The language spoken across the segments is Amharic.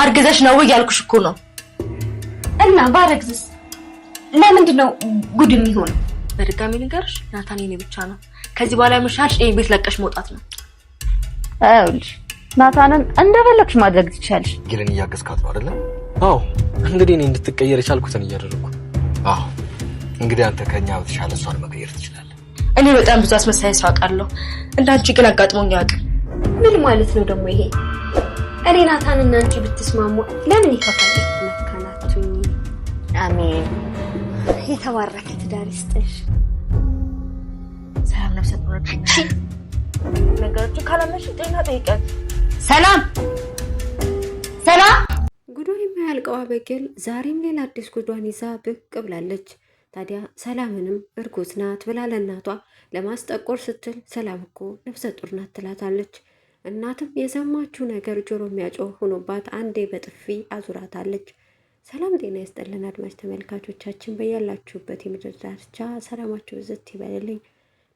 አርግዘሽ ነው እያልኩሽ እኮ ነው። እና ባረግዝስ ለምንድን ነው ጉድ ይሆን በድጋሚ ንገርሽ ናታን የኔ ብቻ ነው። ከዚህ በኋላ መሻልሽ ይሄ ቤት ለቀሽ መውጣት ነው። አይውልሽ ናታንን እንደፈለግሽ ማድረግ ትችያለሽ። ጌልን እያገዝካት ነው አይደለ? አዎ። እንግዲህ እኔ እንድትቀየር የቻልኩትን እያደረግኩ። አዎ። እንግዲህ አንተ ከኛ በተሻለ እሷን መቀየር ትችላለህ። እኔ በጣም ብዙ አስመሳይ ሰው አውቃለሁ። እንዳንቺ ግን አጋጥሞኝ አያውቅም። ምን ማለት ነው ደግሞ ይሄ? እኔ ናታንና አንቺ ብትስማሙ ለምን ይከፋል? መካናቱኝ። አሜን። የተባረከ ትዳር ይስጥሽ። ሰላም ነፍሰ ጡሮች ነገሮችን ካላመሽ ጤና ጠይቀት። ሰላም ሰላም። ጉዷን የማያልቀው አበግል ዛሬም ሌላ አዲስ ጉዷን ይዛ ብቅ ብላለች። ታዲያ ሰላምንም እርጉዝ ናት ብላ ለእናቷ ለማስጠቆር ስትል ሰላም እኮ ነፍሰ ጡር ናት ትላታለች። እናትም የሰማችው ነገር ጆሮ የሚያጮው ሆኖባት አንዴ በጥፊ አዙራታለች። ሰላም ጤና ይስጥልን አድማጭ ተመልካቾቻችን በያላችሁበት የምድር ዳርቻ ሰላማችሁ ብዝት ይበልልኝ።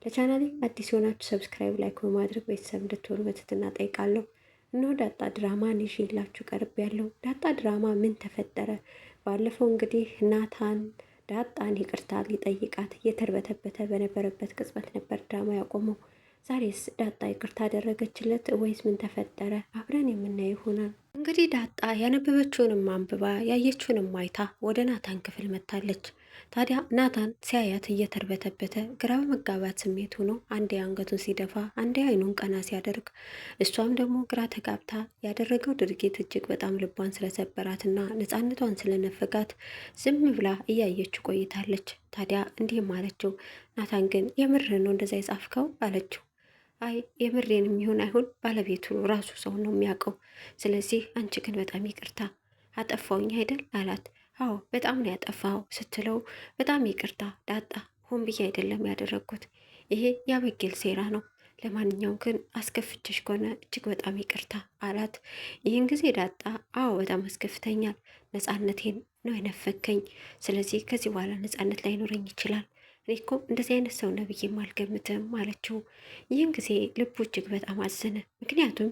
ለቻናሌ አዲስ የሆናችሁ ሰብስክራይብ፣ ላይክ በማድረግ ቤተሰብ እንድትሆኑ በትህትና ጠይቃለሁ። እነሆ ዳጣ ድራማ ይዤላችሁ ቀርብ ያለው ዳጣ ድራማ ምን ተፈጠረ? ባለፈው እንግዲህ ናታን ዳጣን ይቅርታ ሊጠይቃት እየተርበተበተ በነበረበት ቅጽበት ነበር ድራማ ያቆመው። ዛሬስ ዳጣ ይቅርታ አደረገችለት ወይስ ምን ተፈጠረ? አብረን የምናየው ይሆናል። እንግዲህ ዳጣ ያነበበችውንም አንብባ ያየችውንም አይታ ወደ ናታን ክፍል መታለች። ታዲያ ናታን ሲያያት እየተርበተበተ ግራ በመጋባት ስሜት ሆኖ አንዴ አንገቱን ሲደፋ አንዴ አይኑን ቀና ሲያደርግ፣ እሷም ደግሞ ግራ ተጋብታ ያደረገው ድርጊት እጅግ በጣም ልቧን ስለሰበራትና ነፃነቷን ስለነፈጋት ዝም ብላ እያየችው ቆይታለች። ታዲያ እንዲህም አለችው። ናታን ግን የምርህ ነው እንደዛ የጻፍከው አለችው። አይ የምሬን የሚሆን አይሁን ባለቤቱ ራሱ ሰው ነው የሚያውቀው። ስለዚህ አንቺ ግን በጣም ይቅርታ አጠፋውኝ አይደል አላት። አዎ በጣም ነው ያጠፋው ስትለው፣ በጣም ይቅርታ ዳጣ፣ ሆን ብዬ አይደለም ያደረግኩት፣ ይሄ ያበጌል ሴራ ነው። ለማንኛውም ግን አስከፍቼሽ ከሆነ እጅግ በጣም ይቅርታ አላት። ይህን ጊዜ ዳጣ አዎ በጣም አስከፍተኛል፣ ነፃነቴን ነው የነፈከኝ። ስለዚህ ከዚህ በኋላ ነፃነት ላይኖረኝ ይችላል እኔኮ እንደዚህ አይነት ሰው ነው ብዬም አልገምትም አለችው። ይህን ጊዜ ልቡ እጅግ በጣም አዘነ። ምክንያቱም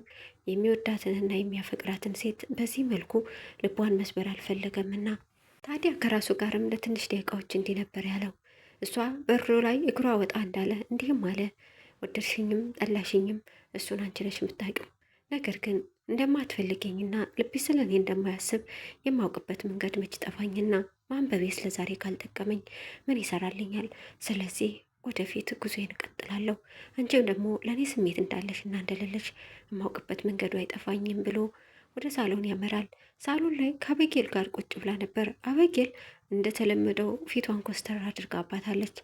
የሚወዳትንና የሚያፈቅራትን ሴት በዚህ መልኩ ልቧን መስበር አልፈለገምና ታዲያ ከራሱ ጋርም ለትንሽ ደቂቃዎች እንዲህ ነበር ያለው። እሷ በሮ ላይ እግሯ ወጣ እንዳለ እንዲህም አለ፣ ወደድሽኝም ጠላሽኝም እሱን አንቺ ነሽ የምታውቂው። ነገር ግን እንደማትፈልገኝና ልቤ ስለኔ እንደማያስብ የማውቅበት መንገድ መች ጠፋኝና ማንበቤስ ለዛሬ ካልጠቀመኝ ምን ይሰራልኛል? ስለዚህ ወደፊት ጉዞዬን እቀጥላለሁ። አንቺም ደግሞ ለእኔ ስሜት እንዳለሽ እና እንደሌለሽ የማውቅበት መንገዱ አይጠፋኝም ብሎ ወደ ሳሎን ያመራል። ሳሎን ላይ ከአበጌል ጋር ቁጭ ብላ ነበር። አበጌል እንደተለመደው ፊቷን ኮስተር አድርጋ አባታለች።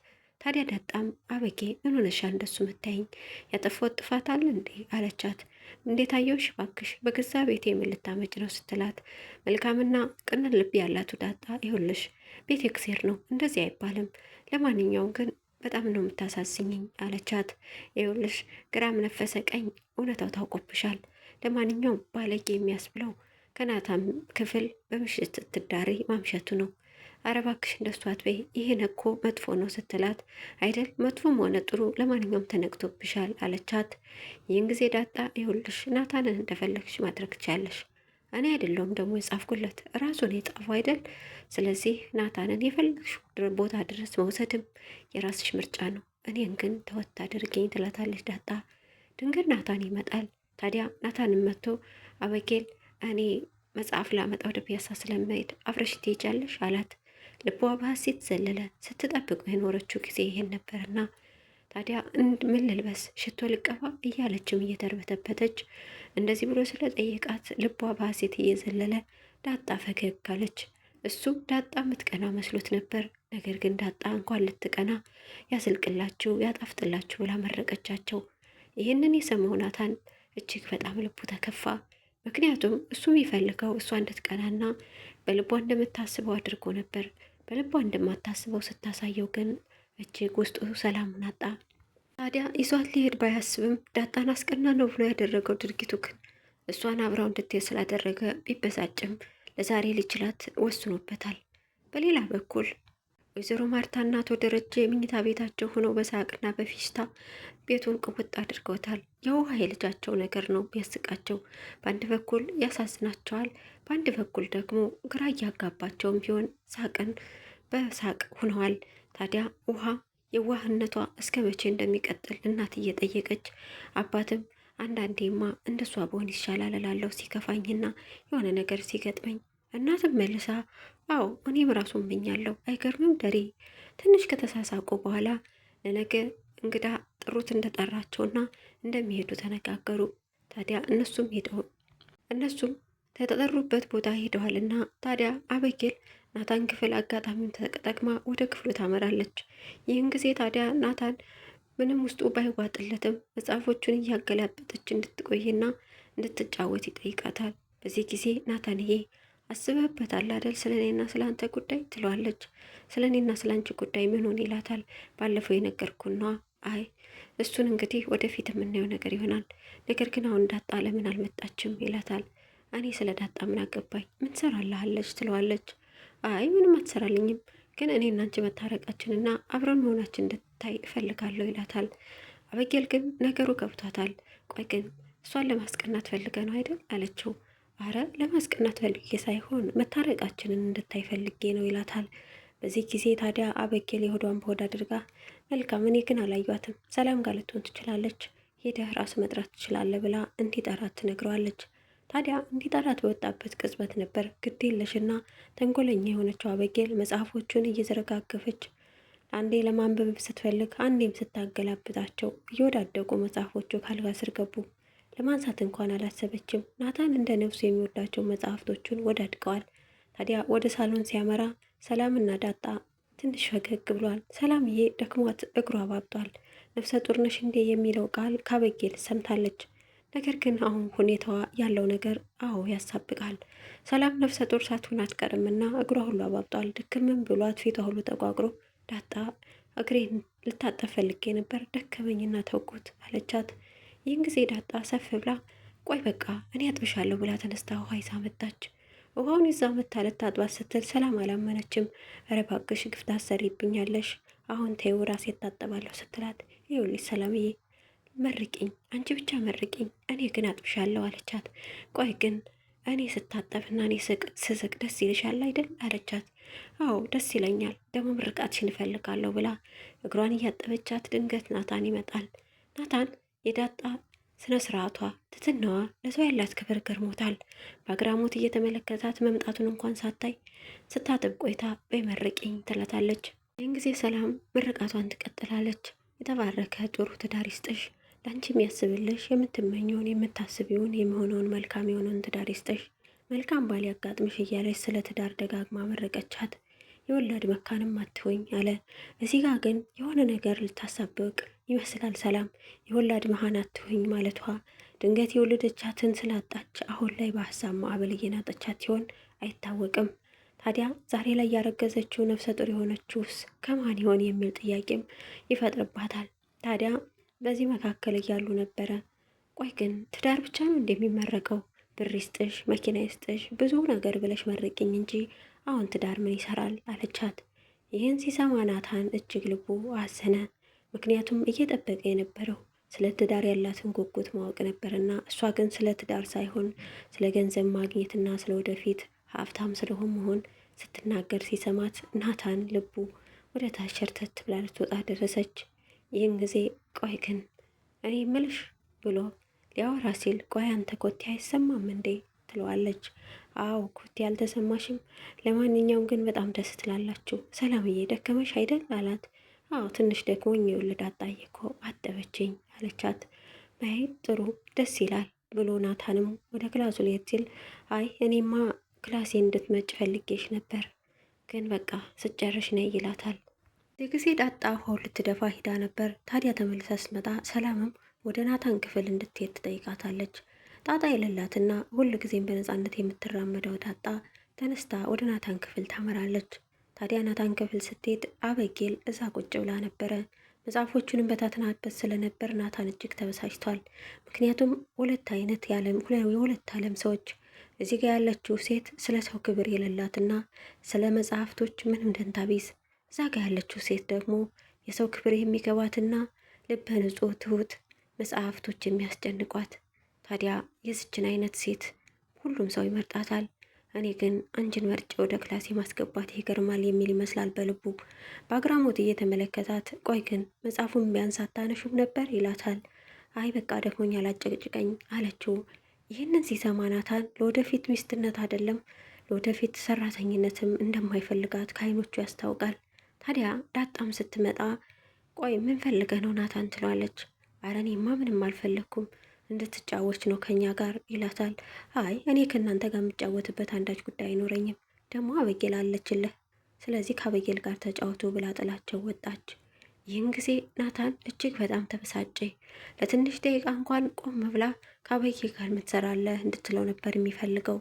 ታዲያ ዳጣም አበጌ ምን ሆነሻ እንደሱ መታየኝ ያጠፋሁት ጥፋት አለ እንዴ አለቻት። እንዴት አየውሽ እባክሽ በገዛ ቤቴ የምልታመጭ ነው ስትላት፣ መልካምና ቅን ልብ ያላት ዳጣ ይሁልሽ ቤት እግዜር ነው እንደዚህ አይባልም። ለማንኛውም ግን በጣም ነው የምታሳዝኝኝ አለቻት። ይሁልሽ ግራም ነፈሰ ቀኝ እውነታው ታውቆብሻል። ለማንኛውም ባለጌ የሚያስብለው ከናታም ክፍል በምሽት ስትዳሪ ማምሸቱ ነው። ኧረ እባክሽ እንደሱ አትበይ፣ ይሄን እኮ መጥፎ ነው ስትላት፣ አይደል መጥፎም ሆነ ጥሩ ለማንኛውም ተነግቶብሻል አለቻት። ይህን ጊዜ ዳጣ ይኸውልሽ ናታንን እንደፈለግሽ ማድረግ ትቻለሽ፣ እኔ አይደለሁም ደግሞ የጻፍኩለት ራሱን የጻፉ አይደል። ስለዚህ ናታንን የፈለግሽ ቦታ ድረስ መውሰድም የራስሽ ምርጫ ነው፣ እኔን ግን ተወት አድርጊኝ ትላታለች ዳጣ። ድንገት ናታን ይመጣል። ታዲያ ናታንን መጥቶ አበጌል እኔ መጽሐፍ ላመጣ ወደ ፒያሳ ስለመሄድ አብረሽ ትሄጃለሽ አላት። ልቧ በሀሴት ዘለለ። ስትጠብቀው የኖረችው ጊዜ ይሄን ነበርና ታዲያ ምን ልልበስ፣ ሽቶ ልቀባ እያለችም እየተርበተበተች እንደዚህ ብሎ ስለጠየቃት ልቧ በሀሴት እየዘለለ ዳጣ ፈገግ አለች። እሱ ዳጣ የምትቀና መስሎት ነበር። ነገር ግን ዳጣ እንኳን ልትቀና ያስልቅላችሁ፣ ያጣፍጥላችሁ ብላ መረቀቻቸው። ይህንን የሰማው ናታን እጅግ በጣም ልቡ ተከፋ። ምክንያቱም እሱ የሚፈልገው እሷ እንድትቀናና በልቧ እንደምታስበው አድርጎ ነበር። በልቧ እንደማታስበው ስታሳየው ግን እጅግ ውስጡ ሰላሙን አጣ። ታዲያ ይዟት ሊሄድ ባያስብም ዳጣን አስቀና ነው ብሎ ያደረገው ድርጊቱ ግን እሷን አብራው እንድትሄድ ስላደረገ ቢበሳጭም ለዛሬ ሊችላት ወስኖበታል። በሌላ በኩል ወይዘሮ ማርታና አቶ ደረጀ የምኝታ ቤታቸው ሆነው በሳቅና በፊሽታ ቤቱን ቅውጥ አድርገውታል። የውሃ የልጃቸው ነገር ነው የሚያስቃቸው። በአንድ በኩል ያሳዝናቸዋል፣ በአንድ በኩል ደግሞ ግራ እያጋባቸውም ቢሆን ሳቅን በሳቅ ሁነዋል። ታዲያ ውሃ የዋህነቷ እስከ መቼ እንደሚቀጥል እናት እየጠየቀች አባትም አንዳንዴማ እንደሷ በሆን ይሻላል እላለሁ ሲከፋኝና የሆነ ነገር ሲገጥመኝ እናትም መልሳ አዎ እኔም ራሱ እመኛለሁ። አይገርምም ደሬ ትንሽ ከተሳሳቁ በኋላ ለነገ እንግዳ ጥሩት እንደጠራቸውና እንደሚሄዱ ተነጋገሩ። ታዲያ እነሱም ሄደው እነሱም ተጠሩበት ቦታ ሄደዋል እና ታዲያ አበጌል ናታን ክፍል አጋጣሚውን ተጠቅማ ወደ ክፍሉ ታመራለች። ይህን ጊዜ ታዲያ ናታን ምንም ውስጡ ባይዋጥለትም መጽሐፎቹን እያገላበጠች እንድትቆይና እንድትጫወት ይጠይቃታል። በዚህ ጊዜ ናታንዬ አስበህበታል አይደል? ስለ እኔና ስለ አንተ ጉዳይ ትለዋለች። ስለ እኔና ስለ አንቺ ጉዳይ ምን ሆን ይላታል። ባለፈው የነገርኩና አይ እሱን እንግዲህ ወደፊት የምናየው ነገር ይሆናል። ነገር ግን አሁን እንዳጣ ለምን አልመጣችም ይላታል። እኔ ስለ ዳጣ ምን አገባኝ? ምን ሰራልሃለች? ትለዋለች። አይ ምንም አትሰራልኝም፣ ግን እኔ እናንቺ መታረቃችንና አብረን መሆናችን እንድትታይ እፈልጋለሁ ይላታል። አበጌል ግን ነገሩ ገብቷታል። ቆይ ግን እሷን ለማስቀናት ፈልገ ነው አይደል? አለችው። አረ ለማስቀናት ፈልጌ ሳይሆን መታረቃችንን እንድታይ ፈልጌ ነው ይላታል። በዚህ ጊዜ ታዲያ አበጌል የሆዷን በሆድ አድርጋ መልካም፣ እኔ ግን አላዩአትም፣ ሰላም ጋር ልትሆን ትችላለች፣ ሄደህ ራስ መጥራት ትችላለህ ብላ እንዲጠራት ትነግረዋለች። ታዲያ እንዲጠራት በወጣበት ቅጽበት ነበር ግድ የለሽና ተንኮለኛ የሆነችው አበጌል መጽሐፎቹን እየዘረጋገፈች አንዴ ለማንበብ ስትፈልግ አንዴም ስታገላብጣቸው እየወዳደቁ መጽሐፎቹ ካልጋ ስር ገቡ። ለማንሳት እንኳን አላሰበችም። ናታን እንደ ነፍሱ የሚወዳቸው መጽሐፍቶቹን ወዳድቀዋል። ታዲያ ወደ ሳሎን ሲያመራ ሰላምና ዳጣ ትንሽ ፈገግ ብሏል። ሰላምዬ ደክሟት እግሯ አባብጧል። ነፍሰ ጡርነሽ እንዴ የሚለው ቃል ካበጌል ሰምታለች። ነገር ግን አሁን ሁኔታዋ ያለው ነገር አዎ ያሳብቃል። ሰላም ነፍሰ ጡር ሳትሆን አትቀርምና እግሯ ሁሉ አባብጧል። ድክምም ብሏት ፊቷ ሁሉ ተጓግሮ ዳጣ እግሬን ልታጠብ ፈልጌ ነበር ደከመኝና ተውኩት አለቻት። ይህን ጊዜ ዳጣ ሰፍ ብላ ቆይ በቃ እኔ አጥብሻለሁ ብላ ተነስታ ውሃ ይዛ መጣች። ውሃውን ይዛ መታ ልታጥባት ስትል ሰላም አላመነችም። እረ እባክሽ ግፍታ ሰሪብኛለሽ አሁን ተይው ራሴ እታጠባለሁ ስትላት ይኸውልሽ ሰላምዬ መርቂኝ፣ አንቺ ብቻ መርቂኝ፣ እኔ ግን አጥብሻለሁ አለቻት። ቆይ ግን እኔ ስታጠብና እኔ ስስቅ ደስ ይልሻል አይደል? አለቻት። አዎ ደስ ይለኛል፣ ደግሞ ምርቃትሽን እፈልጋለሁ ብላ እግሯን እያጠበቻት ድንገት ናታን ይመጣል። ናታን የዳጣ ስነ ስርዓቷ፣ ትትናዋ፣ ለሰው ያላት ክብር ገርሞታል። በአግራሞት እየተመለከታት መምጣቱን እንኳን ሳታይ ስታጥብ ቆይታ በይ መርቂኝ ትላታለች። ይህን ጊዜ ሰላም ምርቃቷን ትቀጥላለች። የተባረከ ጥሩ ትዳር ይስጥሽ ለአንቺ የሚያስብልሽ የምትመኘውን፣ የምታስቢውን፣ የሚሆነውን መልካም የሆነውን ትዳር ይስጠሽ፣ መልካም ባል ያጋጥምሽ እያለች ስለ ትዳር ደጋግማ መረቀቻት። የወላድ መካንም አትሆኝ አለ። እዚህ ጋር ግን የሆነ ነገር ልታሳብቅ ይመስላል ሰላም። የወላድ መሃን አትሆኝ ማለቷ ድንገት የወለደቻትን ስላጣች አሁን ላይ በሀሳብ ማዕበል እየናጠቻት ሲሆን አይታወቅም። ታዲያ ዛሬ ላይ ያረገዘችው ነፍሰ ጡር የሆነችውስ ከማን ይሆን የሚል ጥያቄም ይፈጥርባታል። ታዲያ በዚህ መካከል እያሉ ነበረ። ቆይ ግን ትዳር ብቻ ነው እንደሚመረቀው? ብር ይስጥሽ፣ መኪና ይስጥሽ፣ ብዙ ነገር ብለሽ መርቅኝ እንጂ አሁን ትዳር ምን ይሰራል አለቻት። ይህን ሲሰማ ናታን እጅግ ልቡ አዘነ። ምክንያቱም እየጠበቀ የነበረው ስለ ትዳር ያላትን ጉጉት ማወቅ ነበርና እሷ ግን ስለ ትዳር ሳይሆን ስለ ገንዘብ ማግኘትና ስለ ወደፊት ሀብታም ስለሆን መሆን ስትናገር ሲሰማት ናታን ልቡ ወደ ታች ሸርተት ብላ ልትወጣ ደረሰች። ይህን ጊዜ ቆይ ግን እኔ ምልሽ ብሎ ሊያወራ ሲል ቆይ አንተ ኮቴ አይሰማም እንዴ ትለዋለች። አዎ ኮቴ አልተሰማሽም። ለማንኛውም ግን በጣም ደስ ትላላችሁ። ሰላምዬ ደከመሽ አይደል አላት። አዎ ትንሽ ደክሞኝ ውልድ አጣየኮ አጠበችኝ አለቻት። መሄድ ጥሩ ደስ ይላል ብሎ ናታንም ወደ ክላሱ ሊሄድ ሲል አይ እኔማ ክላሴ እንድትመጭ ፈልጌሽ ነበር፣ ግን በቃ ስጨርሽ ነይ ይላታል። የጊዜ ዳጣ ውሃውን ልትደፋ ሂዳ ነበር። ታዲያ ተመልሳ ስትመጣ ሰላምም ወደ ናታን ክፍል እንድትሄድ ትጠይቃታለች። ጣጣ የሌላትና ሁል ጊዜም በነፃነት የምትራመደው ዳጣ ተነስታ ወደ ናታን ክፍል ታመራለች። ታዲያ ናታን ክፍል ስትሄድ አበጌል እዛ ቁጭ ብላ ነበረ። መጽሐፎቹንም በታትናበት ስለነበር ናታን እጅግ ተበሳጭቷል። ምክንያቱም ሁለት አይነት የሁለት ዓለም ሰዎች እዚህ ጋ ያለችው ሴት ስለ ሰው ክብር የሌላትና ስለ መጽሐፍቶች ምንም ደንታ ቢስ እዛ ጋ ያለችው ሴት ደግሞ የሰው ክብር የሚገባትና ልበ ንጹህ ትሁት መጽሐፍቶች የሚያስጨንቋት። ታዲያ የዝችን አይነት ሴት ሁሉም ሰው ይመርጣታል። እኔ ግን አንቺን መርጬ ወደ ክላሴ ማስገባት ይገርማል የሚል ይመስላል በልቡ። በአግራሞት እየተመለከታት ቆይ ግን መጽሐፉን ቢያንስ አታነሹም ነበር ይላታል። አይ በቃ ደክሞኛል አጨቅጭቀኝ አለችው። ይህንን ሲሰማ ናታን ለወደፊት ሚስትነት አይደለም ለወደፊት ሰራተኝነትም እንደማይፈልጋት ከአይኖቹ ያስታውቃል። ታዲያ ዳጣም ስትመጣ ቆይ ምን ፈልገህ ነው ናታን ትለዋለች። አረ እኔማ ምንም አልፈለግኩም እንድትጫወች ነው ከኛ ጋር ይላታል። አይ እኔ ከእናንተ ጋር የምጫወትበት አንዳች ጉዳይ አይኖረኝም፣ ደግሞ አበጌል አለችልህ፣ ስለዚህ ከአበጌል ጋር ተጫወቱ ብላ ጥላቸው ወጣች። ይህን ጊዜ ናታን እጅግ በጣም ተበሳጨ። ለትንሽ ደቂቃ እንኳን ቆም ብላ ከአበጌ ጋር ምትሰራለህ እንድትለው ነበር የሚፈልገው።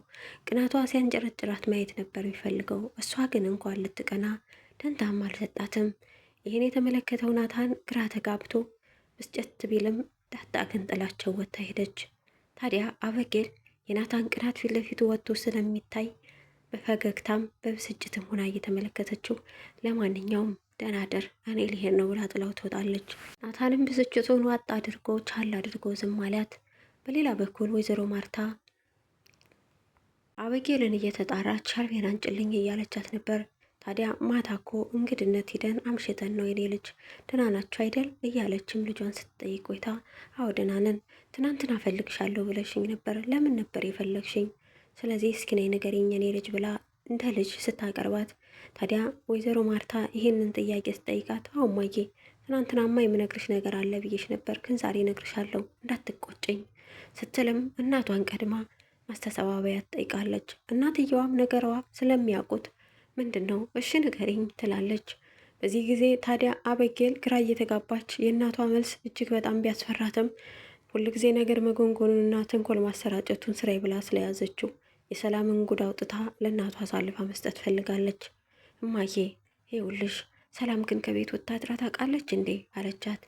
ቅናቷ ሲያንጭረጭራት ማየት ነበር የሚፈልገው። እሷ ግን እንኳን ልትቀና ደንታም አልሰጣትም። ይህን የተመለከተው ናታን ግራ ተጋብቶ ብስጨት ቢልም ዳጣ ግን ጥላቸው ወጥታ ሄደች። ታዲያ አበጌል የናታን ቅናት ፊት ለፊቱ ወጥቶ ስለሚታይ በፈገግታም በብስጭትም ሆና እየተመለከተችው ለማንኛውም ደህና ደር እኔ ልሄድ ነው ብላ ጥላው ትወጣለች። ናታንም ብስጭቱን ዋጥ አድርጎ ቻል አድርጎ ዝም አላት። በሌላ በኩል ወይዘሮ ማርታ አበጌልን እየተጣራች ሻርቤን አንጭልኝ እያለቻት ነበር። ታዲያ ማታ እኮ እንግድነት ሂደን አምሽተን ነው የኔ ልጅ ደህና አይደል? እያለችም ልጇን ስትጠይቅ ቆይታ አዎ ደህና ነን፣ ትናንትና ፈልግሻለሁ ብለሽኝ ነበር። ለምን ነበር የፈለግሽኝ? ስለዚህ እስኪ ነይ ንገሪኝ የኔ ልጅ ብላ እንደ ልጅ ስታቀርባት፣ ታዲያ ወይዘሮ ማርታ ይህንን ጥያቄ ስጠይቃት አዎ እማዬ፣ ትናንትናማ የምነግርሽ ነገር አለ ብዬሽ ነበር፣ ግን ዛሬ እነግርሻለሁ እንዳትቆጭኝ ስትልም እናቷን ቀድማ ማስተሰባበያ ትጠይቃለች። እናትየዋም ነገሯ ስለሚያውቁት ምንድን ነው እሺ ንገሪኝ ትላለች። በዚህ ጊዜ ታዲያ አበጌል ግራ እየተጋባች የእናቷ መልስ እጅግ በጣም ቢያስፈራትም ሁልጊዜ ነገር መጎንጎኑንና ተንኮል ማሰራጨቱን ስራይ ብላ ስለያዘችው የሰላምን ጉድ አውጥታ ለእናቷ አሳልፋ መስጠት ፈልጋለች። እማዬ ይውልሽ ሰላም ግን ከቤት ወጥታ አድራ ታውቃለች እንዴ አለቻት።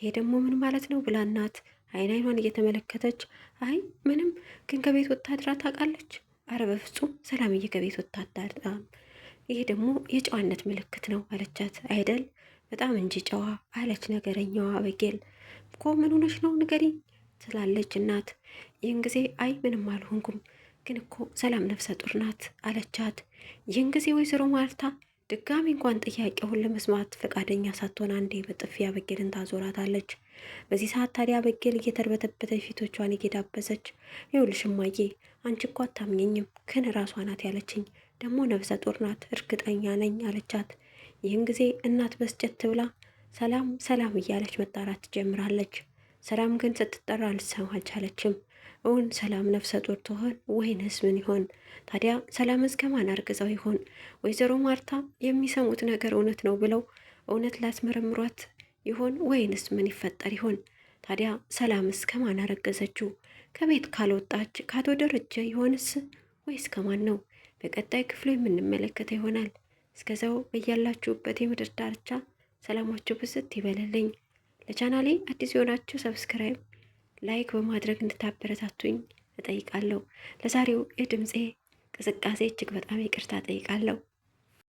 ይሄ ደግሞ ምን ማለት ነው ብላ እናት አይን አይኗን እየተመለከተች አይ ምንም ግን ከቤት ወጥታ አድራ ታውቃለች። አረ በፍጹም ሰላምዬ ከቤት ወጥታ አታድራም ይሄ ደግሞ የጨዋነት ምልክት ነው አለቻት። አይደል በጣም እንጂ ጨዋ አለች ነገረኛዋ አበጌል። እኮ ምን ሆነሽ ነው ንገሪኝ ትላለች እናት። ይህን ጊዜ አይ ምንም አልሆንኩም፣ ግን እኮ ሰላም ነፍሰ ጡር ናት አለቻት። ይህን ጊዜ ወይዘሮ ማርታ ድጋሚ እንኳን ጥያቄውን ለመስማት ፈቃደኛ ሳትሆን አንዴ በጥፊ አበጌልን ታዞራታለች። በዚህ ሰዓት ታዲያ አበጌል እየተርበተበተች ፊቶቿን እየዳበሰች ይኸውልሽ እማዬ አንቺ እኮ አታምኘኝም፣ ግን ራሷ ናት ያለችኝ ደግሞ ነፍሰ ጡር ናት እርግጠኛ ነኝ አለቻት። ይህን ጊዜ እናት በስጨት ብላ ሰላም ሰላም እያለች መጣራት ትጀምራለች። ሰላም ግን ስትጠራ ልትሰማ አልቻለችም። እውን ሰላም ነፍሰ ጡር ትሆን ወይንስ ምን ይሆን ታዲያ? ሰላም ከማን አርግዘው አርግዛው ይሆን? ወይዘሮ ማርታ የሚሰሙት ነገር እውነት ነው ብለው እውነት ላስመረምሯት ይሆን ወይንስ ምን ይፈጠር ይሆን ታዲያ? ሰላም እስከ አረገዘችው? ከቤት ካልወጣች ካቶ ደረጀ ይሆንስ ወይስ ከማን ነው? በቀጣይ ክፍሉ የምንመለከተ ይሆናል። እስከዛው በያላችሁበት የምድር ዳርቻ ሰላማችሁ ብስት ይበልልኝ። ለቻናሌ አዲስ የሆናችሁ ሰብስክራይብ፣ ላይክ በማድረግ እንድታበረታቱኝ እጠይቃለሁ። ለዛሬው የድምፄ ቅስቃሴ እጅግ በጣም ይቅርታ እጠይቃለሁ።